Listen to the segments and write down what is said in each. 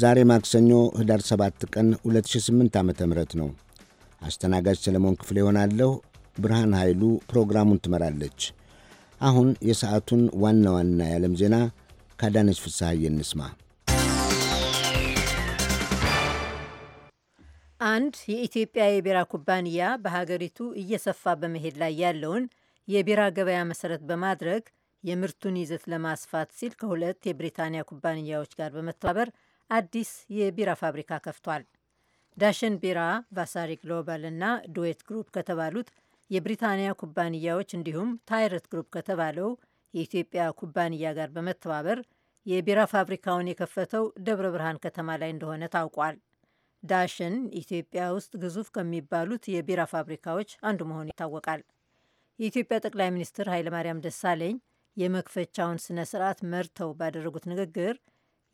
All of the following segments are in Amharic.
ዛሬ ማክሰኞ ህዳር 7 ቀን 2008 ዓ ም ነው። አስተናጋጅ ሰለሞን ክፍሌ ይሆናለሁ። ብርሃን ኃይሉ ፕሮግራሙን ትመራለች። አሁን የሰዓቱን ዋና ዋና የዓለም ዜና ካዳነች ፍስሐዬ እንስማ። አንድ የኢትዮጵያ የቢራ ኩባንያ በሀገሪቱ እየሰፋ በመሄድ ላይ ያለውን የቢራ ገበያ መሰረት በማድረግ የምርቱን ይዘት ለማስፋት ሲል ከሁለት የብሪታንያ ኩባንያዎች ጋር በመተባበር አዲስ የቢራ ፋብሪካ ከፍቷል። ዳሽን ቢራ፣ ቫሳሪ ግሎባል እና ዱዌት ግሩፕ ከተባሉት የብሪታንያ ኩባንያዎች እንዲሁም ታይረት ግሩፕ ከተባለው የኢትዮጵያ ኩባንያ ጋር በመተባበር የቢራ ፋብሪካውን የከፈተው ደብረ ብርሃን ከተማ ላይ እንደሆነ ታውቋል። ዳሽን ኢትዮጵያ ውስጥ ግዙፍ ከሚባሉት የቢራ ፋብሪካዎች አንዱ መሆኑ ይታወቃል። የኢትዮጵያ ጠቅላይ ሚኒስትር ኃይለማርያም ደሳለኝ የመክፈቻውን ስነ ስርዓት መርተው ባደረጉት ንግግር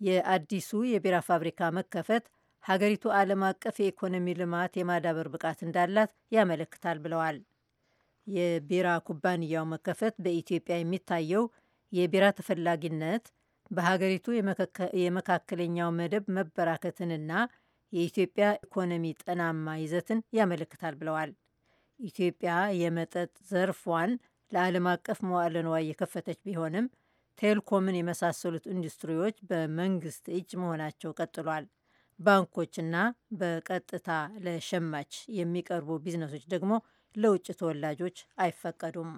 የአዲሱ የቢራ ፋብሪካ መከፈት ሀገሪቱ ዓለም አቀፍ የኢኮኖሚ ልማት የማዳበር ብቃት እንዳላት ያመለክታል ብለዋል። የቢራ ኩባንያው መከፈት በኢትዮጵያ የሚታየው የቢራ ተፈላጊነት በሀገሪቱ የመካከለኛው መደብ መበራከትንና የኢትዮጵያ ኢኮኖሚ ጠናማ ይዘትን ያመለክታል ብለዋል። ኢትዮጵያ የመጠጥ ዘርፏን ለዓለም አቀፍ መዋዕለ ንዋይ የከፈተች ቢሆንም ቴሌኮምን የመሳሰሉት ኢንዱስትሪዎች በመንግስት እጅ መሆናቸው ቀጥሏል። ባንኮችና በቀጥታ ለሸማች የሚቀርቡ ቢዝነሶች ደግሞ ለውጭ ተወላጆች አይፈቀዱም።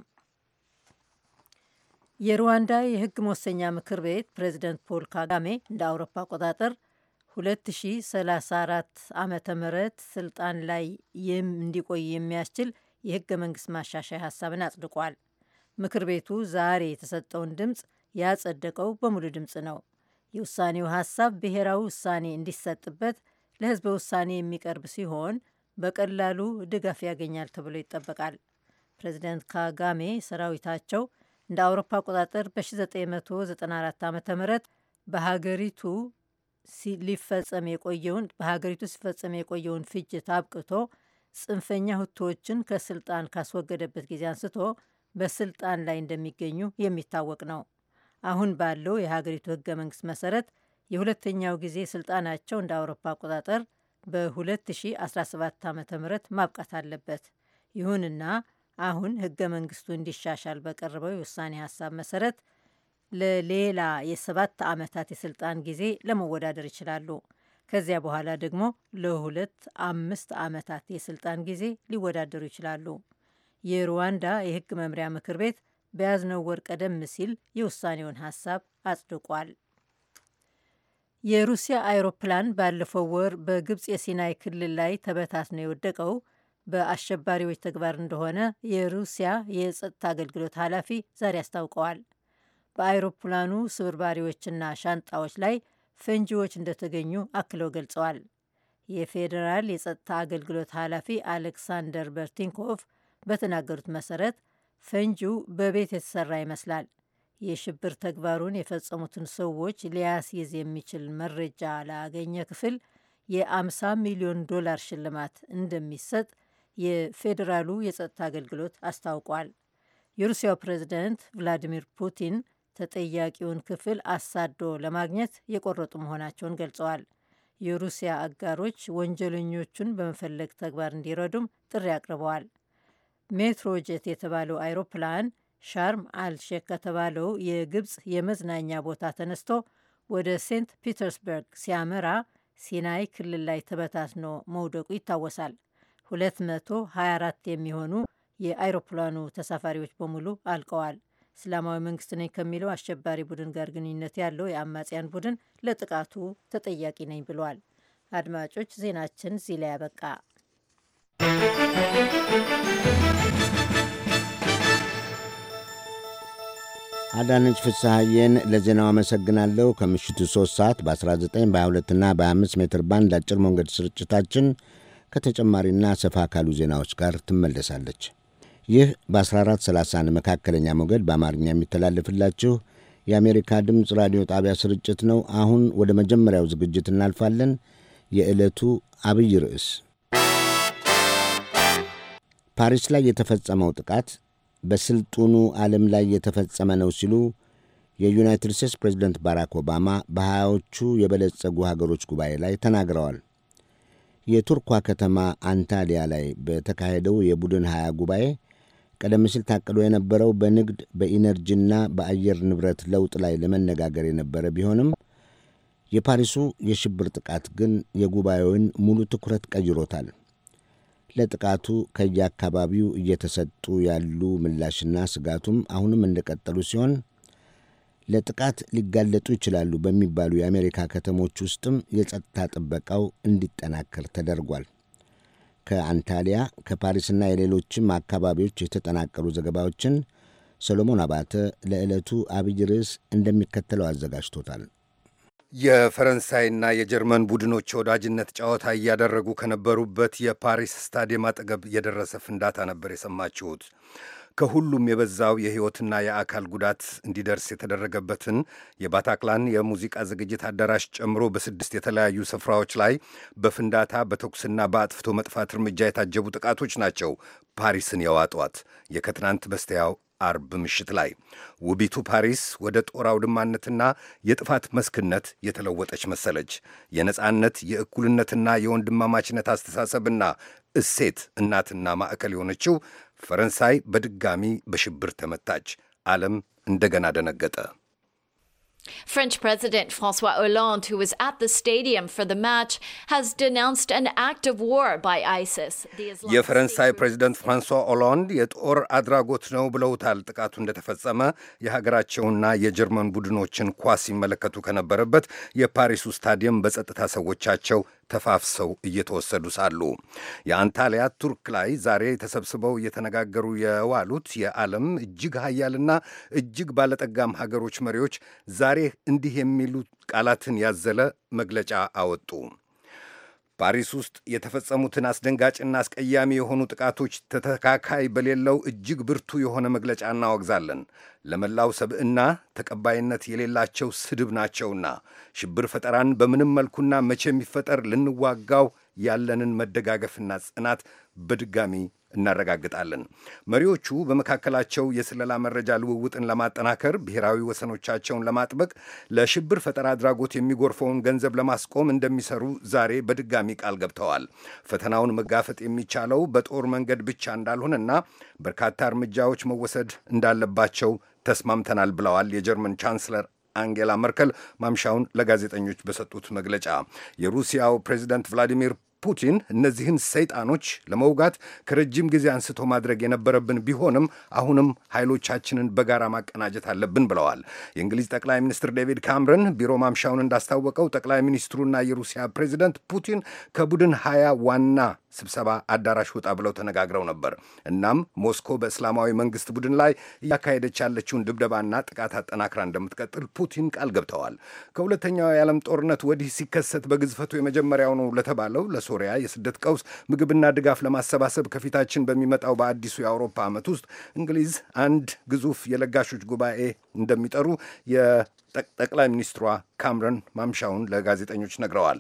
የሩዋንዳ የህግ መወሰኛ ምክር ቤት ፕሬዚደንት ፖል ካጋሜ እንደ አውሮፓ አቆጣጠር 2034 ዓ ም ስልጣን ላይ እንዲቆይ የሚያስችል የህገ መንግስት ማሻሻያ ሀሳብን አጽድቋል። ምክር ቤቱ ዛሬ የተሰጠውን ድምፅ ያጸደቀው በሙሉ ድምፅ ነው። የውሳኔው ሀሳብ ብሔራዊ ውሳኔ እንዲሰጥበት ለሕዝበ ውሳኔ የሚቀርብ ሲሆን በቀላሉ ድጋፍ ያገኛል ተብሎ ይጠበቃል። ፕሬዚደንት ካጋሜ ሰራዊታቸው እንደ አውሮፓ አቆጣጠር በ1994 ዓ ም በሀገሪቱ ሊፈጸም የቆየውን በሀገሪቱ ሲፈጸም የቆየውን ፍጅት አብቅቶ ጽንፈኛ ሁቶዎችን ከስልጣን ካስወገደበት ጊዜ አንስቶ በስልጣን ላይ እንደሚገኙ የሚታወቅ ነው። አሁን ባለው የሀገሪቱ ህገ መንግስት መሰረት የሁለተኛው ጊዜ ስልጣናቸው እንደ አውሮፓ አቆጣጠር በ2017 ዓ ም ማብቃት አለበት። ይሁንና አሁን ህገ መንግስቱ እንዲሻሻል በቀረበው የውሳኔ ሀሳብ መሰረት ለሌላ የሰባት ዓመታት የስልጣን ጊዜ ለመወዳደር ይችላሉ። ከዚያ በኋላ ደግሞ ለሁለት አምስት ዓመታት የስልጣን ጊዜ ሊወዳደሩ ይችላሉ። የሩዋንዳ የህግ መምሪያ ምክር ቤት በያዝነው ወር ቀደም ሲል የውሳኔውን ሀሳብ አጽድቋል። የሩሲያ አይሮፕላን ባለፈው ወር በግብፅ የሲናይ ክልል ላይ ተበታትኖ የወደቀው በአሸባሪዎች ተግባር እንደሆነ የሩሲያ የጸጥታ አገልግሎት ኃላፊ ዛሬ አስታውቀዋል። በአይሮፕላኑ ስብርባሪዎችና ሻንጣዎች ላይ ፈንጂዎች እንደተገኙ አክለው ገልጸዋል። የፌዴራል የጸጥታ አገልግሎት ኃላፊ አሌክሳንደር በርቲንኮቭ በተናገሩት መሰረት ፈንጂው በቤት የተሰራ ይመስላል። የሽብር ተግባሩን የፈጸሙትን ሰዎች ሊያስይዝ የሚችል መረጃ ላገኘ ክፍል የ50 ሚሊዮን ዶላር ሽልማት እንደሚሰጥ የፌዴራሉ የጸጥታ አገልግሎት አስታውቋል። የሩሲያው ፕሬዝዳንት ቭላዲሚር ፑቲን ተጠያቂውን ክፍል አሳዶ ለማግኘት የቆረጡ መሆናቸውን ገልጸዋል። የሩሲያ አጋሮች ወንጀለኞቹን በመፈለግ ተግባር እንዲረዱም ጥሪ አቅርበዋል። ሜትሮጀት የተባለው አይሮፕላን ሻርም አልሼክ ከተባለው የግብፅ የመዝናኛ ቦታ ተነስቶ ወደ ሴንት ፒተርስበርግ ሲያመራ ሲናይ ክልል ላይ ተበታትኖ መውደቁ ይታወሳል። 224 የሚሆኑ የአይሮፕላኑ ተሳፋሪዎች በሙሉ አልቀዋል። እስላማዊ መንግስት ነኝ ከሚለው አሸባሪ ቡድን ጋር ግንኙነት ያለው የአማጽያን ቡድን ለጥቃቱ ተጠያቂ ነኝ ብሏል። አድማጮች ዜናችን እዚህ ላይ ያበቃ። አዳነች ፍስሐዬን ለዜናው አመሰግናለሁ። ከምሽቱ 3 ሰዓት በ19 በ22ና በ25 ሜትር ባንድ አጭር ሞገድ ስርጭታችን ከተጨማሪና ሰፋ ካሉ ዜናዎች ጋር ትመለሳለች። ይህ በ 1430 መካከለኛ ሞገድ በአማርኛ የሚተላለፍላችሁ የአሜሪካ ድምፅ ራዲዮ ጣቢያ ስርጭት ነው። አሁን ወደ መጀመሪያው ዝግጅት እናልፋለን። የዕለቱ አብይ ርዕስ ፓሪስ ላይ የተፈጸመው ጥቃት በስልጡኑ ዓለም ላይ የተፈጸመ ነው ሲሉ የዩናይትድ ስቴትስ ፕሬዚደንት ባራክ ኦባማ በሀያዎቹ የበለጸጉ ሀገሮች ጉባኤ ላይ ተናግረዋል። የቱርኳ ከተማ አንታሊያ ላይ በተካሄደው የቡድን ሀያ ጉባኤ ቀደም ሲል ታቅዶ የነበረው በንግድ በኢነርጂና በአየር ንብረት ለውጥ ላይ ለመነጋገር የነበረ ቢሆንም የፓሪሱ የሽብር ጥቃት ግን የጉባኤውን ሙሉ ትኩረት ቀይሮታል። ለጥቃቱ ከየአካባቢው እየተሰጡ ያሉ ምላሽና ስጋቱም አሁንም እንደቀጠሉ ሲሆን ለጥቃት ሊጋለጡ ይችላሉ በሚባሉ የአሜሪካ ከተሞች ውስጥም የጸጥታ ጥበቃው እንዲጠናከር ተደርጓል። ከአንታሊያ ከፓሪስና የሌሎችም አካባቢዎች የተጠናቀሩ ዘገባዎችን ሰሎሞን አባተ ለዕለቱ አብይ ርዕስ እንደሚከተለው አዘጋጅቶታል። የፈረንሳይና የጀርመን ቡድኖች ወዳጅነት ጨዋታ እያደረጉ ከነበሩበት የፓሪስ ስታዲየም አጠገብ የደረሰ ፍንዳታ ነበር የሰማችሁት። ከሁሉም የበዛው የሕይወትና የአካል ጉዳት እንዲደርስ የተደረገበትን የባታክላን የሙዚቃ ዝግጅት አዳራሽ ጨምሮ በስድስት የተለያዩ ስፍራዎች ላይ በፍንዳታ በተኩስና በአጥፍቶ መጥፋት እርምጃ የታጀቡ ጥቃቶች ናቸው ፓሪስን የዋጧት። የከትናንት በስቲያው አርብ ምሽት ላይ ውቢቱ ፓሪስ ወደ ጦር አውድማነትና የጥፋት መስክነት የተለወጠች መሰለች። የነጻነት የእኩልነትና የወንድማማችነት አስተሳሰብና እሴት እናትና ማዕከል የሆነችው ፈረንሳይ በድጋሚ በሽብር ተመታች። ዓለም እንደገና ደነገጠ። French President Francois Hollande, who was at the stadium for the match, has denounced an act of war by ISIS. የፈረንሳይ ፕሬዚደንት ፍራንሷ ኦላንድ የጦር አድራጎት ነው ብለውታል። ጥቃቱ እንደተፈጸመ የሀገራቸውና የጀርመን ቡድኖችን ኳስ ሲመለከቱ ከነበረበት የፓሪሱ ስታዲየም በጸጥታ ሰዎቻቸው ተፋፍሰው እየተወሰዱ ሳሉ የአንታሊያ ቱርክ ላይ ዛሬ ተሰብስበው እየተነጋገሩ የዋሉት የዓለም እጅግ ሀያልና እጅግ ባለጠጋም ሀገሮች መሪዎች ዛሬ እንዲህ የሚሉ ቃላትን ያዘለ መግለጫ አወጡ። ፓሪስ ውስጥ የተፈጸሙትን አስደንጋጭና አስቀያሚ የሆኑ ጥቃቶች ተተካካይ በሌለው እጅግ ብርቱ የሆነ መግለጫ እናወግዛለን። ለመላው ሰብዕና ተቀባይነት የሌላቸው ስድብ ናቸውና ሽብር ፈጠራን በምንም መልኩና መቼ የሚፈጠር ልንዋጋው ያለንን መደጋገፍና ጽናት በድጋሚ እናረጋግጣለን። መሪዎቹ በመካከላቸው የስለላ መረጃ ልውውጥን ለማጠናከር፣ ብሔራዊ ወሰኖቻቸውን ለማጥበቅ፣ ለሽብር ፈጠራ አድራጎት የሚጎርፈውን ገንዘብ ለማስቆም እንደሚሰሩ ዛሬ በድጋሚ ቃል ገብተዋል። ፈተናውን መጋፈጥ የሚቻለው በጦር መንገድ ብቻ እንዳልሆነና በርካታ እርምጃዎች መወሰድ እንዳለባቸው ተስማምተናል ብለዋል የጀርመን ቻንስለር አንጌላ መርከል ማምሻውን ለጋዜጠኞች በሰጡት መግለጫ የሩሲያው ፕሬዚደንት ቭላዲሚር ፑቲን እነዚህን ሰይጣኖች ለመውጋት ከረጅም ጊዜ አንስቶ ማድረግ የነበረብን ቢሆንም አሁንም ኃይሎቻችንን በጋራ ማቀናጀት አለብን ብለዋል። የእንግሊዝ ጠቅላይ ሚኒስትር ዴቪድ ካምረን ቢሮ ማምሻውን እንዳስታወቀው ጠቅላይ ሚኒስትሩና የሩሲያ ፕሬዚደንት ፑቲን ከቡድን ሀያ ዋና ስብሰባ አዳራሽ ወጣ ብለው ተነጋግረው ነበር። እናም ሞስኮ በእስላማዊ መንግስት ቡድን ላይ እያካሄደች ያለችውን ድብደባና ጥቃት አጠናክራ እንደምትቀጥል ፑቲን ቃል ገብተዋል። ከሁለተኛው የዓለም ጦርነት ወዲህ ሲከሰት በግዝፈቱ የመጀመሪያው ነው ለተባለው ለሶ ሶሪያ የስደት ቀውስ ምግብና ድጋፍ ለማሰባሰብ ከፊታችን በሚመጣው በአዲሱ የአውሮፓ ዓመት ውስጥ እንግሊዝ አንድ ግዙፍ የለጋሾች ጉባኤ እንደሚጠሩ ጠቅላይ ሚኒስትሯ ካምረን ማምሻውን ለጋዜጠኞች ነግረዋል።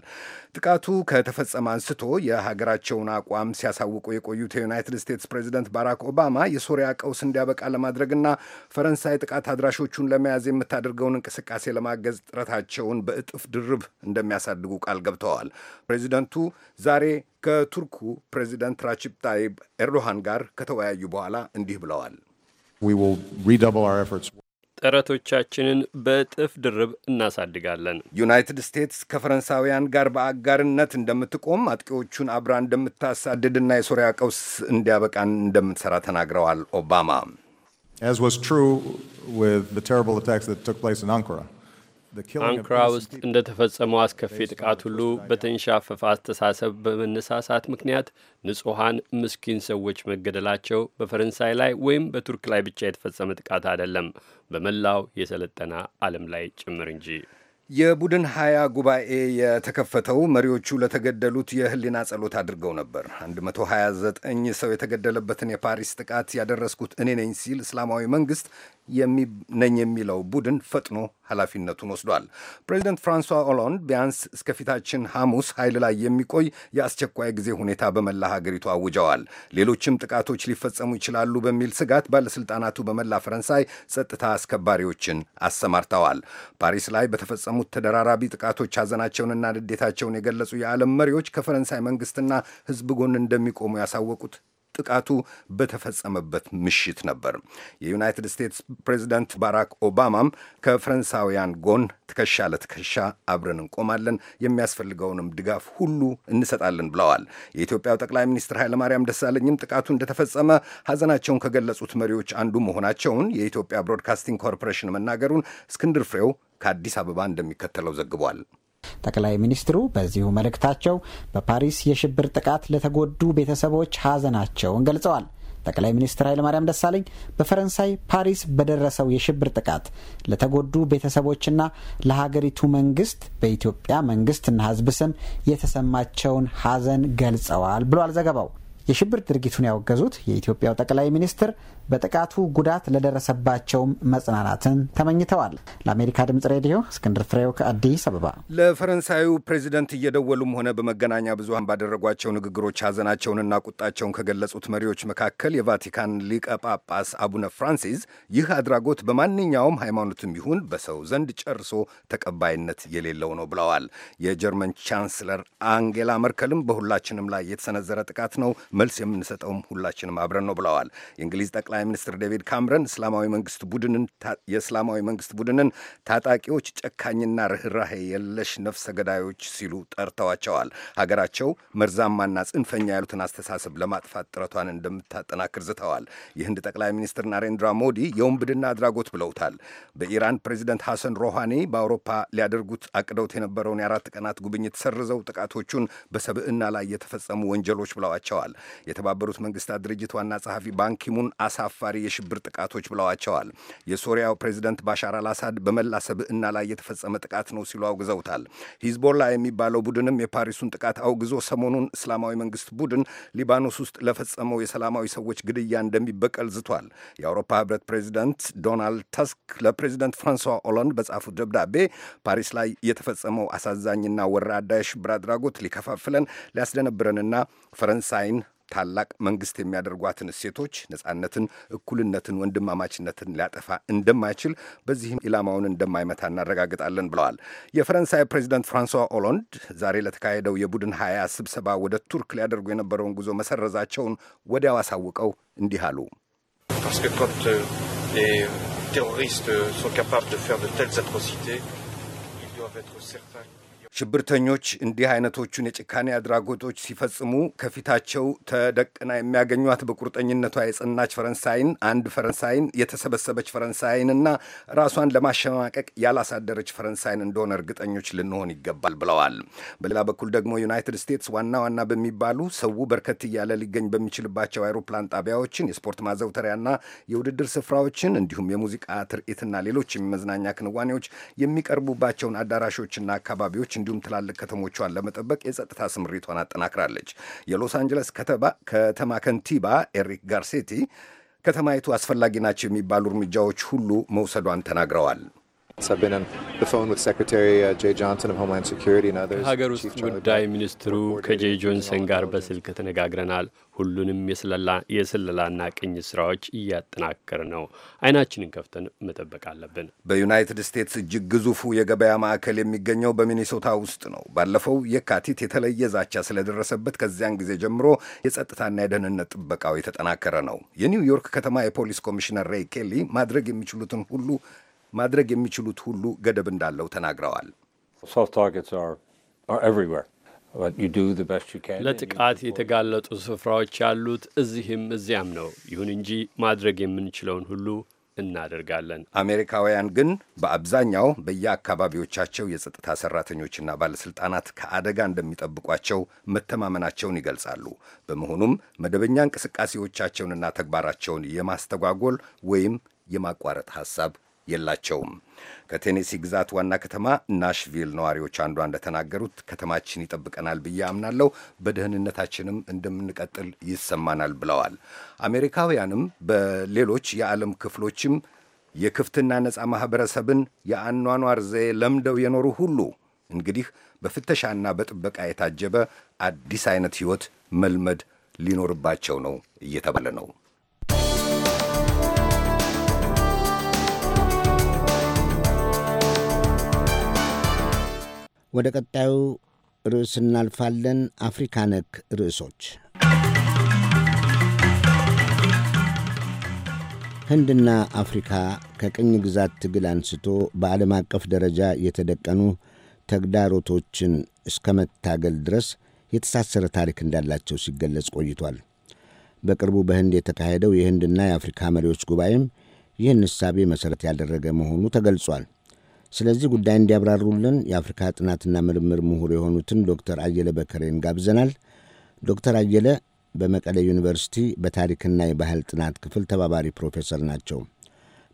ጥቃቱ ከተፈጸመ አንስቶ የሀገራቸውን አቋም ሲያሳውቁ የቆዩት የዩናይትድ ስቴትስ ፕሬዚደንት ባራክ ኦባማ የሶሪያ ቀውስ እንዲያበቃ ለማድረግና ፈረንሳይ ጥቃት አድራሾቹን ለመያዝ የምታደርገውን እንቅስቃሴ ለማገዝ ጥረታቸውን በእጥፍ ድርብ እንደሚያሳድጉ ቃል ገብተዋል። ፕሬዚደንቱ ዛሬ ከቱርኩ ፕሬዚደንት ራችብ ጣይብ ኤርዶሃን ጋር ከተወያዩ በኋላ እንዲህ ብለዋል። ጥረቶቻችንን በእጥፍ ድርብ እናሳድጋለን። ዩናይትድ ስቴትስ ከፈረንሳውያን ጋር በአጋርነት እንደምትቆም አጥቂዎቹን አብራ እንደምታሳድድና የሶሪያ ቀውስ እንዲያበቃን እንደምትሰራ ተናግረዋል ኦባማ። as was true with the terrible attacks that took place in Ankara. አንክራ ውስጥ እንደተፈጸመው አስከፊ ጥቃት ሁሉ በተንሻፈፈ አስተሳሰብ በመነሳሳት ምክንያት ንጹሐን ምስኪን ሰዎች መገደላቸው በፈረንሳይ ላይ ወይም በቱርክ ላይ ብቻ የተፈጸመ ጥቃት አይደለም፣ በመላው የሰለጠና ዓለም ላይ ጭምር እንጂ። የቡድን ሀያ ጉባኤ የተከፈተው መሪዎቹ ለተገደሉት የህሊና ጸሎት አድርገው ነበር። 129 ሰው የተገደለበትን የፓሪስ ጥቃት ያደረስኩት እኔ ነኝ ሲል እስላማዊ መንግስት ነኝ የሚለው ቡድን ፈጥኖ ኃላፊነቱን ወስዷል። ፕሬዚደንት ፍራንሷ ኦላንድ ቢያንስ እስከፊታችን ሐሙስ ኃይል ላይ የሚቆይ የአስቸኳይ ጊዜ ሁኔታ በመላ ሀገሪቱ አውጀዋል። ሌሎችም ጥቃቶች ሊፈጸሙ ይችላሉ በሚል ስጋት ባለሥልጣናቱ በመላ ፈረንሳይ ጸጥታ አስከባሪዎችን አሰማርተዋል። ፓሪስ ላይ በተፈጸሙት ተደራራቢ ጥቃቶች ሐዘናቸውንና ንዴታቸውን የገለጹ የዓለም መሪዎች ከፈረንሳይ መንግሥትና ሕዝብ ጎን እንደሚቆሙ ያሳወቁት ጥቃቱ በተፈጸመበት ምሽት ነበር። የዩናይትድ ስቴትስ ፕሬዚደንት ባራክ ኦባማም ከፈረንሳውያን ጎን ትከሻ ለትከሻ አብረን እንቆማለን፣ የሚያስፈልገውንም ድጋፍ ሁሉ እንሰጣለን ብለዋል። የኢትዮጵያው ጠቅላይ ሚኒስትር ኃይለማርያም ደሳለኝም ጥቃቱ እንደተፈጸመ ሐዘናቸውን ከገለጹት መሪዎች አንዱ መሆናቸውን የኢትዮጵያ ብሮድካስቲንግ ኮርፖሬሽን መናገሩን እስክንድር ፍሬው ከአዲስ አበባ እንደሚከተለው ዘግቧል። ጠቅላይ ሚኒስትሩ በዚሁ መልእክታቸው በፓሪስ የሽብር ጥቃት ለተጎዱ ቤተሰቦች ሐዘናቸውን ገልጸዋል። ጠቅላይ ሚኒስትር ኃይለማርያም ደሳለኝ በፈረንሳይ ፓሪስ በደረሰው የሽብር ጥቃት ለተጎዱ ቤተሰቦችና ለሀገሪቱ መንግስት በኢትዮጵያ መንግስትና ሕዝብ ስም የተሰማቸውን ሐዘን ገልጸዋል ብሏል ዘገባው። የሽብር ድርጊቱን ያወገዙት የኢትዮጵያው ጠቅላይ ሚኒስትር በጥቃቱ ጉዳት ለደረሰባቸውም መጽናናትን ተመኝተዋል። ለአሜሪካ ድምጽ ሬዲዮ እስክንድር ፍሬው ከአዲስ አበባ። ለፈረንሳዩ ፕሬዚደንት እየደወሉም ሆነ በመገናኛ ብዙሃን ባደረጓቸው ንግግሮች ሀዘናቸውንና ቁጣቸውን ከገለጹት መሪዎች መካከል የቫቲካን ሊቀ ጳጳስ አቡነ ፍራንሲስ ይህ አድራጎት በማንኛውም ሃይማኖትም ይሁን በሰው ዘንድ ጨርሶ ተቀባይነት የሌለው ነው ብለዋል። የጀርመን ቻንስለር አንጌላ መርከልም በሁላችንም ላይ የተሰነዘረ ጥቃት ነው፣ መልስ የምንሰጠውም ሁላችንም አብረን ነው ብለዋል። የእንግሊዝ ጠቅላይ ጠቅላይ ሚኒስትር ዴቪድ ካምረን እስላማዊ መንግስት ቡድንን የእስላማዊ መንግስት ቡድንን ታጣቂዎች ጨካኝና ርኅራሄ የለሽ ነፍሰ ገዳዮች ሲሉ ጠርተዋቸዋል። ሀገራቸው መርዛማና ጽንፈኛ ያሉትን አስተሳሰብ ለማጥፋት ጥረቷን እንደምታጠናክር ዝተዋል። የህንድ ጠቅላይ ሚኒስትር ናሬንድራ ሞዲ የወንብድና አድራጎት ብለውታል። በኢራን ፕሬዚደንት ሐሰን ሮሃኒ በአውሮፓ ሊያደርጉት አቅደውት የነበረውን የአራት ቀናት ጉብኝት ሰርዘው ጥቃቶቹን በሰብዕና ላይ የተፈጸሙ ወንጀሎች ብለዋቸዋል። የተባበሩት መንግስታት ድርጅት ዋና ጸሐፊ ባንኪሙን አሳ አሳፋሪ የሽብር ጥቃቶች ብለዋቸዋል። የሶሪያው ፕሬዚደንት ባሻር አልአሳድ በመላ ሰብዕና ላይ የተፈጸመ ጥቃት ነው ሲሉ አውግዘውታል። ሂዝቦላ የሚባለው ቡድንም የፓሪሱን ጥቃት አውግዞ ሰሞኑን እስላማዊ መንግስት ቡድን ሊባኖስ ውስጥ ለፈጸመው የሰላማዊ ሰዎች ግድያ እንደሚበቀል ዝቷል። የአውሮፓ ህብረት ፕሬዚደንት ዶናልድ ተስክ ለፕሬዚደንት ፍራንሷ ኦላንድ በጻፉት ደብዳቤ ፓሪስ ላይ የተፈጸመው አሳዛኝና ወራዳ የሽብር አድራጎት ሊከፋፍለን ሊያስደነብረንና ፈረንሳይን ታላቅ መንግስት የሚያደርጓትን እሴቶች ነጻነትን፣ እኩልነትን፣ ወንድማማችነትን ሊያጠፋ እንደማይችል በዚህም ኢላማውን እንደማይመታ እናረጋግጣለን ብለዋል። የፈረንሳይ ፕሬዚደንት ፍራንሷ ኦሎንድ ዛሬ ለተካሄደው የቡድን ሀያ ስብሰባ ወደ ቱርክ ሊያደርጉ የነበረውን ጉዞ መሰረዛቸውን ወዲያው አሳውቀው እንዲህ አሉ። ቴሮሪስት ሶ ካፓብል ደ ፌር ደ አትሮሲቴ ኢል ዶቭ ኤትር ሰርታን ሽብርተኞች እንዲህ አይነቶቹን የጭካኔ አድራጎቶች ሲፈጽሙ ከፊታቸው ተደቅና የሚያገኟት በቁርጠኝነቷ የጸናች ፈረንሳይን አንድ ፈረንሳይን የተሰበሰበች ፈረንሳይንና ራሷን ለማሸማቀቅ ያላሳደረች ፈረንሳይን እንደሆነ እርግጠኞች ልንሆን ይገባል ብለዋል። በሌላ በኩል ደግሞ ዩናይትድ ስቴትስ ዋና ዋና በሚባሉ ሰው በርከት እያለ ሊገኝ በሚችልባቸው አይሮፕላን ጣቢያዎችን፣ የስፖርት ማዘውተሪያና የውድድር ስፍራዎችን እንዲሁም የሙዚቃ ትርኢትና ሌሎች የመዝናኛ ክንዋኔዎች የሚቀርቡባቸውን አዳራሾችና አካባቢዎች እንዲሁም ትላልቅ ከተሞቿን ለመጠበቅ የጸጥታ ስምሪቷን አጠናክራለች። የሎስ አንጀለስ ከተማ ከንቲባ ኤሪክ ጋርሴቲ ከተማይቱ አስፈላጊ ናቸው የሚባሉ እርምጃዎች ሁሉ መውሰዷን ተናግረዋል። ከሀገር ውስጥ ጉዳይ ሚኒስትሩ ከጄ ጆንሰን ጋር በስልክ ተነጋግረናል። ሁሉንም የስለላና ቅኝት ስራዎች እያጠናከር ነው። አይናችንን ከፍተን መጠበቅ አለብን። በዩናይትድ ስቴትስ እጅግ ግዙፉ የገበያ ማዕከል የሚገኘው በሚኒሶታ ውስጥ ነው። ባለፈው የካቲት የተለየ ዛቻ ስለደረሰበት ከዚያን ጊዜ ጀምሮ የጸጥታና የደህንነት ጥበቃው የተጠናከረ ነው። የኒውዮርክ ከተማ የፖሊስ ኮሚሽነር ሬይ ኬሊ ማድረግ የሚችሉትን ሁሉ ማድረግ የሚችሉት ሁሉ ገደብ እንዳለው ተናግረዋል። ለጥቃት የተጋለጡ ስፍራዎች ያሉት እዚህም እዚያም ነው። ይሁን እንጂ ማድረግ የምንችለውን ሁሉ እናደርጋለን። አሜሪካውያን ግን በአብዛኛው በየአካባቢዎቻቸው የጸጥታ ሰራተኞችና ባለሥልጣናት ከአደጋ እንደሚጠብቋቸው መተማመናቸውን ይገልጻሉ። በመሆኑም መደበኛ እንቅስቃሴዎቻቸውንና ተግባራቸውን የማስተጓጎል ወይም የማቋረጥ ሐሳብ የላቸውም። ከቴኔሲ ግዛት ዋና ከተማ ናሽቪል ነዋሪዎች አንዷ እንደተናገሩት ከተማችን ይጠብቀናል ብዬ አምናለሁ፣ በደህንነታችንም እንደምንቀጥል ይሰማናል ብለዋል። አሜሪካውያንም በሌሎች የዓለም ክፍሎችም የክፍትና ነፃ ማኅበረሰብን የአኗኗር ዘዬ ለምደው የኖሩ ሁሉ እንግዲህ በፍተሻና በጥበቃ የታጀበ አዲስ አይነት ሕይወት መልመድ ሊኖርባቸው ነው እየተባለ ነው። ወደ ቀጣዩ ርዕስ እናልፋለን። አፍሪካ ነክ ርዕሶች ህንድና አፍሪካ ከቅኝ ግዛት ትግል አንስቶ በዓለም አቀፍ ደረጃ የተደቀኑ ተግዳሮቶችን እስከ መታገል ድረስ የተሳሰረ ታሪክ እንዳላቸው ሲገለጽ ቆይቷል። በቅርቡ በህንድ የተካሄደው የህንድና የአፍሪካ መሪዎች ጉባኤም ይህን እሳቤ መሠረት ያደረገ መሆኑ ተገልጿል። ስለዚህ ጉዳይ እንዲያብራሩልን የአፍሪካ ጥናትና ምርምር ምሁር የሆኑትን ዶክተር አየለ በከሬን ጋብዘናል። ዶክተር አየለ በመቀለ ዩኒቨርሲቲ በታሪክና የባህል ጥናት ክፍል ተባባሪ ፕሮፌሰር ናቸው።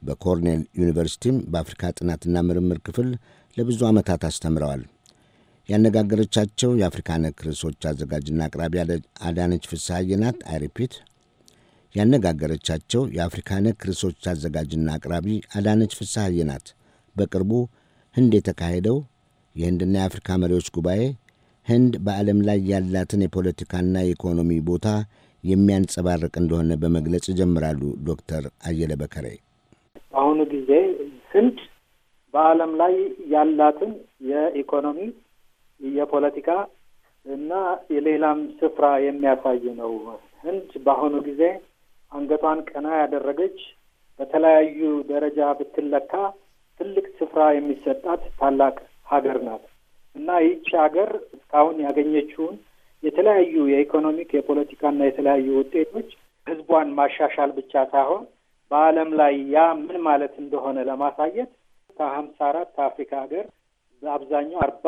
በኮርኔል ዩኒቨርሲቲም በአፍሪካ ጥናትና ምርምር ክፍል ለብዙ ዓመታት አስተምረዋል። ያነጋገረቻቸው የአፍሪካ ነክ ርዕሶች አዘጋጅና አቅራቢ አዳነች ፍስሐዬ ናት። አይሪፒት ያነጋገረቻቸው የአፍሪካ ነክ ርዕሶች አዘጋጅና አቅራቢ አዳነች ፍስሐዬ ናት። በቅርቡ ህንድ የተካሄደው የህንድና የአፍሪካ መሪዎች ጉባኤ ህንድ በዓለም ላይ ያላትን የፖለቲካና የኢኮኖሚ ቦታ የሚያንጸባርቅ እንደሆነ በመግለጽ ይጀምራሉ ዶክተር አየለ በከሬ። በአሁኑ ጊዜ ህንድ በዓለም ላይ ያላትን የኢኮኖሚ፣ የፖለቲካ እና የሌላም ስፍራ የሚያሳይ ነው። ህንድ በአሁኑ ጊዜ አንገቷን ቀና ያደረገች በተለያዩ ደረጃ ብትለካ ትልቅ ስፍራ የሚሰጣት ታላቅ ሀገር ናት እና ይህቺ ሀገር እስካሁን ያገኘችውን የተለያዩ የኢኮኖሚክ የፖለቲካና የተለያዩ ውጤቶች ህዝቧን ማሻሻል ብቻ ሳይሆን በዓለም ላይ ያ ምን ማለት እንደሆነ ለማሳየት ከሀምሳ አራት ከአፍሪካ ሀገር በአብዛኛው አርባ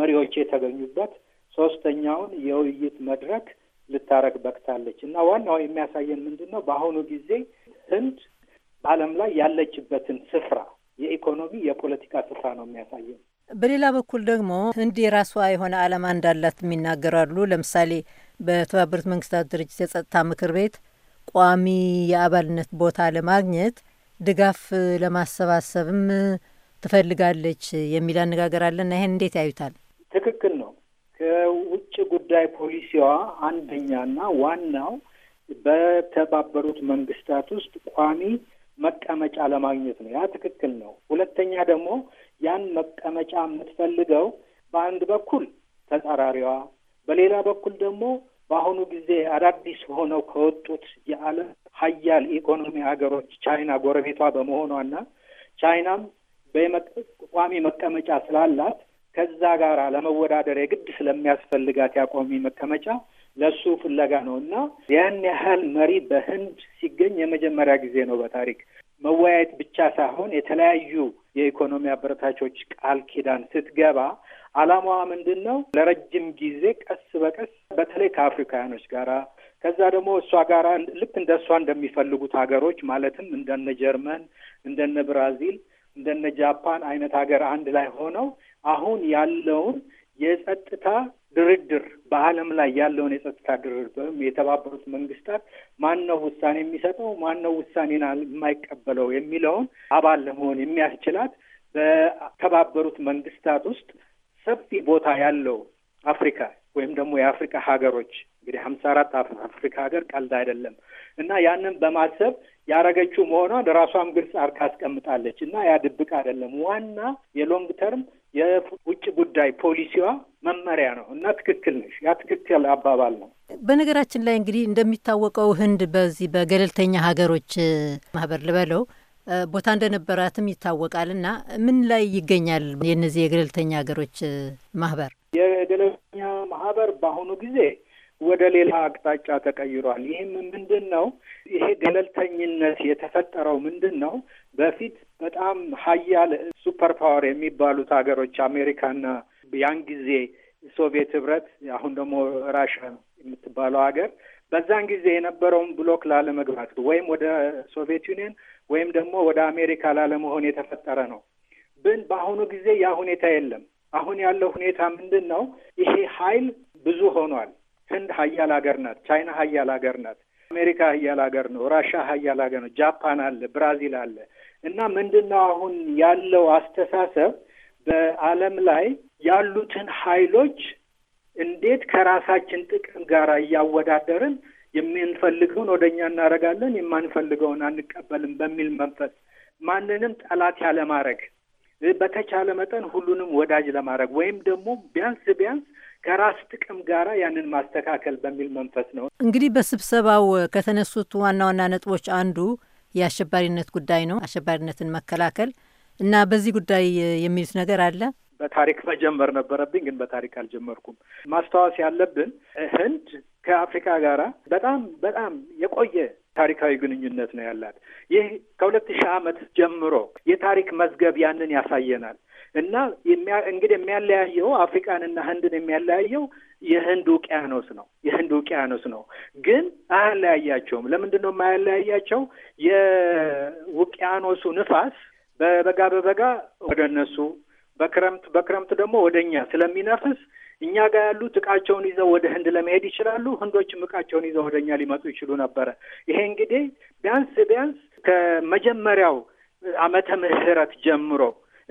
መሪዎች የተገኙበት ሶስተኛውን የውይይት መድረክ ልታረግ በቅታለች እና ዋናው የሚያሳየን ምንድን ነው? በአሁኑ ጊዜ ህንድ በዓለም ላይ ያለችበትን ስፍራ የኢኮኖሚ የፖለቲካ ስፍራ ነው የሚያሳየው። በሌላ በኩል ደግሞ ህንድ የራሷ የሆነ ዓላማ እንዳላት የሚናገራሉ። ለምሳሌ በተባበሩት መንግስታት ድርጅት የጸጥታ ምክር ቤት ቋሚ የአባልነት ቦታ ለማግኘት ድጋፍ ለማሰባሰብም ትፈልጋለች የሚል አነጋገር አለ አለና ይህን እንዴት ያዩታል? ትክክል ነው። ከውጭ ጉዳይ ፖሊሲዋ አንደኛና ዋናው በተባበሩት መንግስታት ውስጥ ቋሚ መቀመጫ ለማግኘት ነው። ያ ትክክል ነው። ሁለተኛ ደግሞ ያን መቀመጫ የምትፈልገው በአንድ በኩል ተጻራሪዋ፣ በሌላ በኩል ደግሞ በአሁኑ ጊዜ አዳዲስ ሆነው ከወጡት የዓለም ሀያል ኢኮኖሚ ሀገሮች ቻይና ጎረቤቷ በመሆኗና ቻይናም በቋሚ መቀመጫ ስላላት ከዛ ጋር ለመወዳደር የግድ ስለሚያስፈልጋት ያቋሚ መቀመጫ ለሱ ፍለጋ ነው እና ያን ያህል መሪ በህንድ ሲገኝ የመጀመሪያ ጊዜ ነው በታሪክ መወያየት ብቻ ሳይሆን የተለያዩ የኢኮኖሚ አበረታቾች ቃል ኪዳን ስትገባ አላማዋ ምንድን ነው? ለረጅም ጊዜ ቀስ በቀስ በተለይ ከአፍሪካውያኖች ጋራ ከዛ ደግሞ እሷ ጋራ ልክ እንደ እሷ እንደሚፈልጉት ሀገሮች ማለትም እንደነ ጀርመን፣ እንደነ ብራዚል፣ እንደነ ጃፓን አይነት ሀገር አንድ ላይ ሆነው አሁን ያለውን የጸጥታ ድርድር በዓለም ላይ ያለውን የጸጥታ ድርድር ወይም የተባበሩት መንግስታት ማን ነው ውሳኔ የሚሰጠው ማን ነው ውሳኔን የማይቀበለው የሚለውን አባል ለመሆን የሚያስችላት በተባበሩት መንግስታት ውስጥ ሰፊ ቦታ ያለው አፍሪካ ወይም ደግሞ የአፍሪካ ሀገሮች እንግዲህ ሀምሳ አራት አፍሪካ ሀገር ቀልድ አይደለም እና ያንን በማሰብ ያረገችው መሆኗ ለራሷም ግልጽ አርካ አስቀምጣለች እና ያ ድብቅ አይደለም። ዋና የሎንግ ተርም የውጭ ጉዳይ ፖሊሲዋ መመሪያ ነው እና ትክክል ነሽ። ያ ትክክል አባባል ነው። በነገራችን ላይ እንግዲህ እንደሚታወቀው ህንድ በዚህ በገለልተኛ ሀገሮች ማህበር ልበለው ቦታ እንደነበራትም ይታወቃል። እና ምን ላይ ይገኛል የነዚህ የገለልተኛ ሀገሮች ማህበር? የገለልተኛ ማህበር በአሁኑ ጊዜ ወደ ሌላ አቅጣጫ ተቀይሯል። ይህም ምንድን ነው? ይሄ ገለልተኝነት የተፈጠረው ምንድን ነው? በፊት በጣም ሀያል ሱፐር ፓወር የሚባሉት ሀገሮች አሜሪካና ያን ጊዜ ሶቪየት ህብረት፣ አሁን ደግሞ ራሽያ የምትባለው ሀገር በዛን ጊዜ የነበረውን ብሎክ ላለመግባት ወይም ወደ ሶቪየት ዩኒየን ወይም ደግሞ ወደ አሜሪካ ላለመሆን የተፈጠረ ነው። ግን በአሁኑ ጊዜ ያ ሁኔታ የለም። አሁን ያለው ሁኔታ ምንድን ነው? ይሄ ሀይል ብዙ ሆኗል። ህንድ ሀያል ሀገር ናት። ቻይና ሀያል ሀገር ናት። አሜሪካ ሀያል ሀገር ነው። ራሻ ሀያል ሀገር ነው። ጃፓን አለ፣ ብራዚል አለ እና ምንድን ነው አሁን ያለው አስተሳሰብ በዓለም ላይ ያሉትን ሀይሎች እንዴት ከራሳችን ጥቅም ጋር እያወዳደርን የምንፈልገውን ወደ እኛ እናደርጋለን፣ የማንፈልገውን አንቀበልም በሚል መንፈስ ማንንም ጠላት ያለማድረግ በተቻለ መጠን ሁሉንም ወዳጅ ለማድረግ ወይም ደግሞ ቢያንስ ቢያንስ ከራስ ጥቅም ጋር ያንን ማስተካከል በሚል መንፈስ ነው። እንግዲህ በስብሰባው ከተነሱት ዋና ዋና ነጥቦች አንዱ የአሸባሪነት ጉዳይ ነው፣ አሸባሪነትን መከላከል እና በዚህ ጉዳይ የሚሉት ነገር አለ። በታሪክ መጀመር ነበረብኝ፣ ግን በታሪክ አልጀመርኩም። ማስታወስ ያለብን ህንድ ከአፍሪካ ጋራ በጣም በጣም የቆየ ታሪካዊ ግንኙነት ነው ያላት። ይህ ከሁለት ሺህ ዓመት ጀምሮ የታሪክ መዝገብ ያንን ያሳየናል። እና እንግዲህ የሚያለያየው አፍሪቃንና ህንድን የሚያለያየው የህንድ ውቅያኖስ ነው። የህንድ ውቅያኖስ ነው፣ ግን አያለያያቸውም። ለምንድን ነው የማያለያያቸው? የውቅያኖሱ ንፋስ በበጋ በበጋ ወደ እነሱ በክረምት በክረምት ደግሞ ወደ እኛ ስለሚነፍስ እኛ ጋር ያሉት እቃቸውን ይዘው ወደ ህንድ ለመሄድ ይችላሉ። ህንዶችም እቃቸውን ይዘው ወደ እኛ ሊመጡ ይችሉ ነበረ። ይሄ እንግዲህ ቢያንስ ቢያንስ ከመጀመሪያው ዓመተ ምህረት ጀምሮ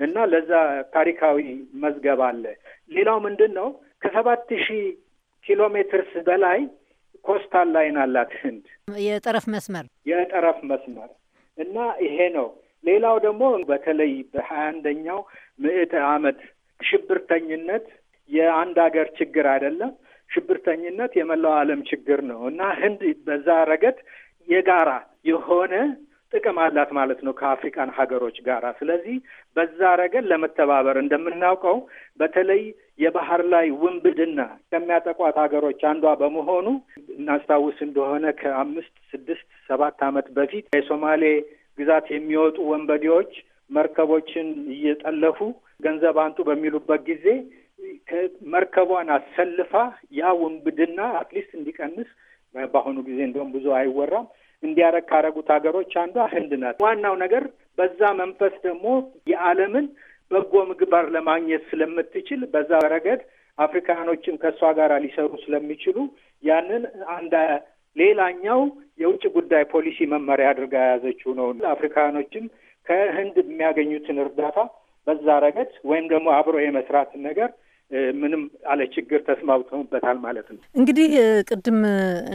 እና ለዛ ታሪካዊ መዝገብ አለ። ሌላው ምንድን ነው ከሰባት ሺህ ኪሎ ሜትርስ በላይ ኮስታል ላይን አላት ህንድ። የጠረፍ መስመር የጠረፍ መስመር እና ይሄ ነው። ሌላው ደግሞ በተለይ በሀያ አንደኛው ምዕተ ዓመት ሽብርተኝነት የአንድ ሀገር ችግር አይደለም። ሽብርተኝነት የመላው ዓለም ችግር ነው እና ህንድ በዛ ረገድ የጋራ የሆነ ጥቅም አላት ማለት ነው ከአፍሪካን ሀገሮች ጋር። ስለዚህ በዛ ረገድ ለመተባበር እንደምናውቀው በተለይ የባህር ላይ ውንብድና ከሚያጠቋት ሀገሮች አንዷ በመሆኑ እናስታውስ እንደሆነ ከአምስት ስድስት ሰባት ዓመት በፊት የሶማሌ ግዛት የሚወጡ ወንበዴዎች መርከቦችን እየጠለፉ ገንዘብ አንጡ በሚሉበት ጊዜ መርከቧን አሰልፋ ያ ውንብድና አትሊስት እንዲቀንስ በአሁኑ ጊዜ እንደውም ብዙ አይወራም እንዲያረግ ካረጉት ሀገሮች አንዷ ህንድ ናት። ዋናው ነገር በዛ መንፈስ ደግሞ የዓለምን በጎ ምግባር ለማግኘት ስለምትችል በዛ ረገድ አፍሪካኖችን ከእሷ ጋር ሊሰሩ ስለሚችሉ ያንን አንድ ሌላኛው የውጭ ጉዳይ ፖሊሲ መመሪያ አድርጋ የያዘችው ነው። አፍሪካኖችም ከህንድ የሚያገኙትን እርዳታ በዛ ረገድ ወይም ደግሞ አብሮ የመስራትን ነገር ምንም አለ ችግር ተስማምተውበታል ማለት ነው። እንግዲህ ቅድም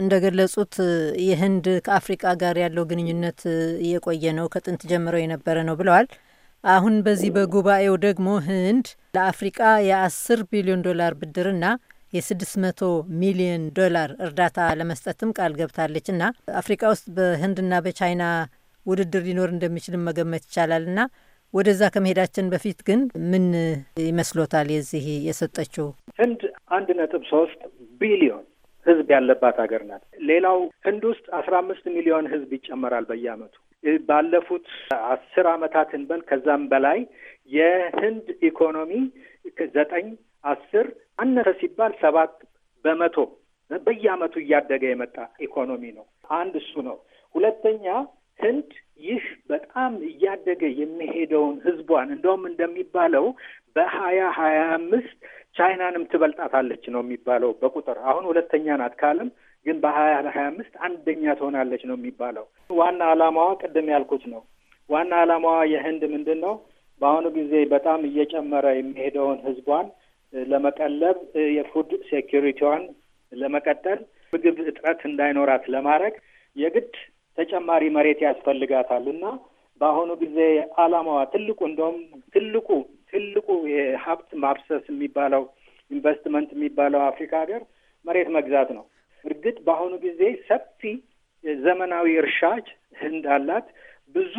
እንደገለጹት የህንድ ከአፍሪቃ ጋር ያለው ግንኙነት እየቆየ ነው፣ ከጥንት ጀምሮ የነበረ ነው ብለዋል። አሁን በዚህ በጉባኤው ደግሞ ህንድ ለአፍሪቃ የአስር ቢሊዮን ዶላር ብድርና የስድስት መቶ ሚሊዮን ዶላር እርዳታ ለመስጠትም ቃል ገብታለች እና አፍሪቃ ውስጥ በህንድና በቻይና ውድድር ሊኖር እንደሚችልም መገመት ይቻላል እና ወደዛ ከመሄዳችን በፊት ግን ምን ይመስሎታል? የዚህ የሰጠችው ህንድ አንድ ነጥብ ሶስት ቢሊዮን ህዝብ ያለባት ሀገር ናት። ሌላው ህንድ ውስጥ አስራ አምስት ሚሊዮን ህዝብ ይጨመራል በየአመቱ። ባለፉት አስር አመታት እንበል ከዛም በላይ የህንድ ኢኮኖሚ ዘጠኝ አስር አነሰ ሲባል ሰባት በመቶ በየአመቱ እያደገ የመጣ ኢኮኖሚ ነው። አንድ እሱ ነው። ሁለተኛ ህንድ ይህ በጣም እያደገ የሚሄደውን ህዝቧን እንደውም እንደሚባለው በሀያ ሀያ አምስት ቻይናንም ትበልጣታለች ነው የሚባለው በቁጥር አሁን ሁለተኛ ናት ካለም ግን በሀያ ሀያ አምስት አንደኛ ትሆናለች ነው የሚባለው። ዋና አላማዋ ቅድም ያልኩት ነው። ዋና አላማዋ የህንድ ምንድን ነው? በአሁኑ ጊዜ በጣም እየጨመረ የሚሄደውን ህዝቧን ለመቀለብ የፉድ ሴኪሪቲዋን ለመቀጠል ምግብ እጥረት እንዳይኖራት ለማድረግ የግድ ተጨማሪ መሬት ያስፈልጋታል እና በአሁኑ ጊዜ አላማዋ ትልቁ እንደውም ትልቁ ትልቁ የሀብት ማብሰስ የሚባለው ኢንቨስትመንት የሚባለው አፍሪካ ሀገር መሬት መግዛት ነው። እርግጥ በአሁኑ ጊዜ ሰፊ ዘመናዊ እርሻች ህንድ አላት። ብዙ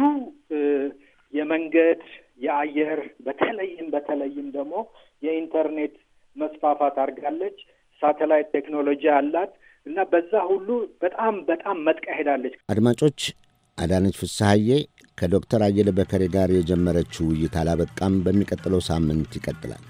የመንገድ የአየር በተለይም በተለይም ደግሞ የኢንተርኔት መስፋፋት አድርጋለች። ሳተላይት ቴክኖሎጂ አላት። እና በዛ ሁሉ በጣም በጣም መጥቃ ሄዳለች። አድማጮች አዳነች ፍስሐዬ ከዶክተር አየለ በከሬ ጋር የጀመረችው ውይይት አላበቃም። በሚቀጥለው ሳምንት ይቀጥላል።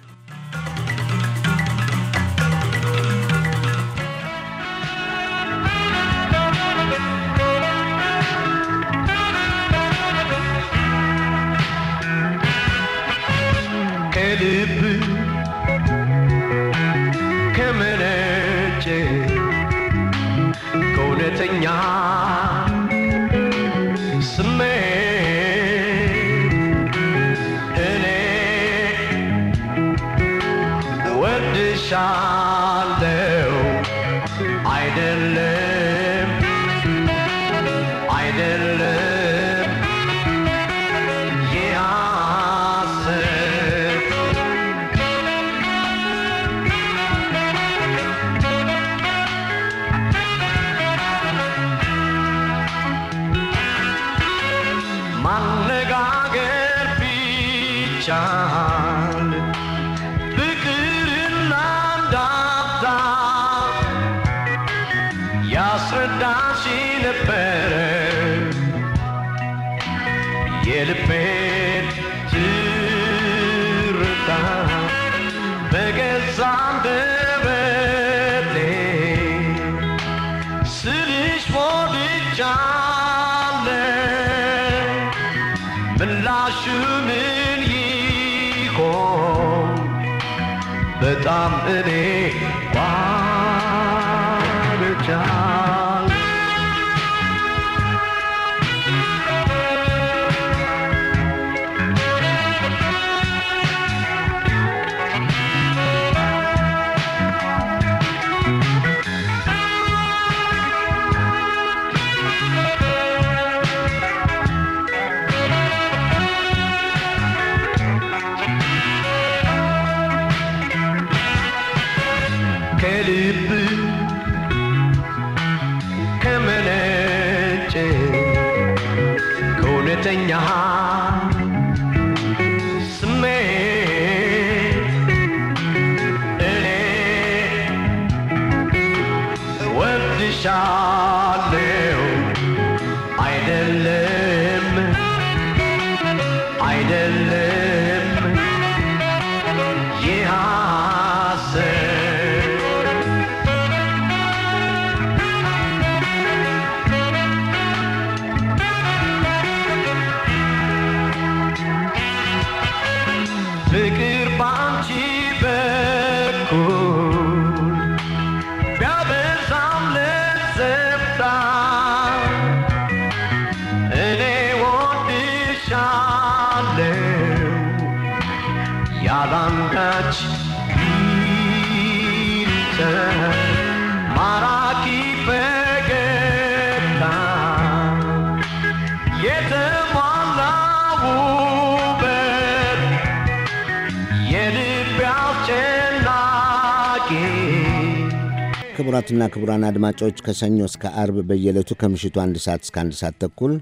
ክቡራትና ክቡራን አድማጮች ከሰኞ እስከ አርብ በየዕለቱ ከምሽቱ አንድ ሰዓት እስከ አንድ ሰዓት ተኩል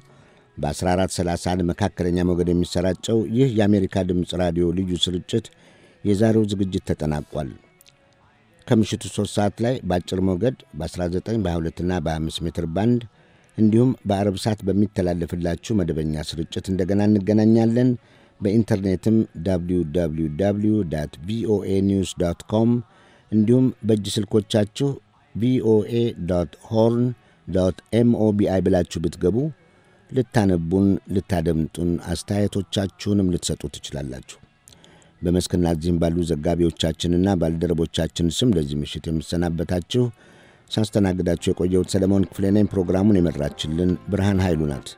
በ1431 መካከለኛ ሞገድ የሚሰራጨው ይህ የአሜሪካ ድምፅ ራዲዮ ልዩ ስርጭት የዛሬው ዝግጅት ተጠናቋል። ከምሽቱ 3 ሰዓት ላይ በአጭር ሞገድ በ19 በ22ና በ25 ሜትር ባንድ እንዲሁም በአረብ ሰዓት በሚተላለፍላችሁ መደበኛ ስርጭት እንደገና እንገናኛለን። በኢንተርኔትም www ቪኦኤ ኒውስ ዶት ኮም እንዲሁም በእጅ ስልኮቻችሁ ቪኦኤ ሆርን ኤምኦቢአይ ብላችሁ ብትገቡ ልታነቡን፣ ልታደምጡን፣ አስተያየቶቻችሁንም ልትሰጡ ትችላላችሁ። በመስክና እዚህም ባሉ ዘጋቢዎቻችንና ባልደረቦቻችን ስም ለዚህ ምሽት የምሰናበታችሁ ሳስተናግዳችሁ የቆየሁት ሰለሞን ክፍሌ ነኝ። ፕሮግራሙን የመራችልን ብርሃን ኃይሉ ናት።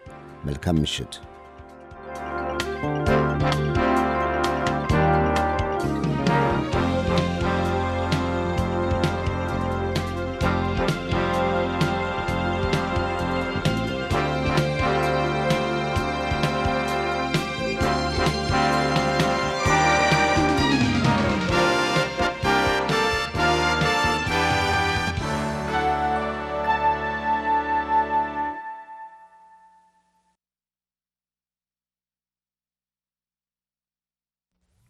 መልካም ምሽት።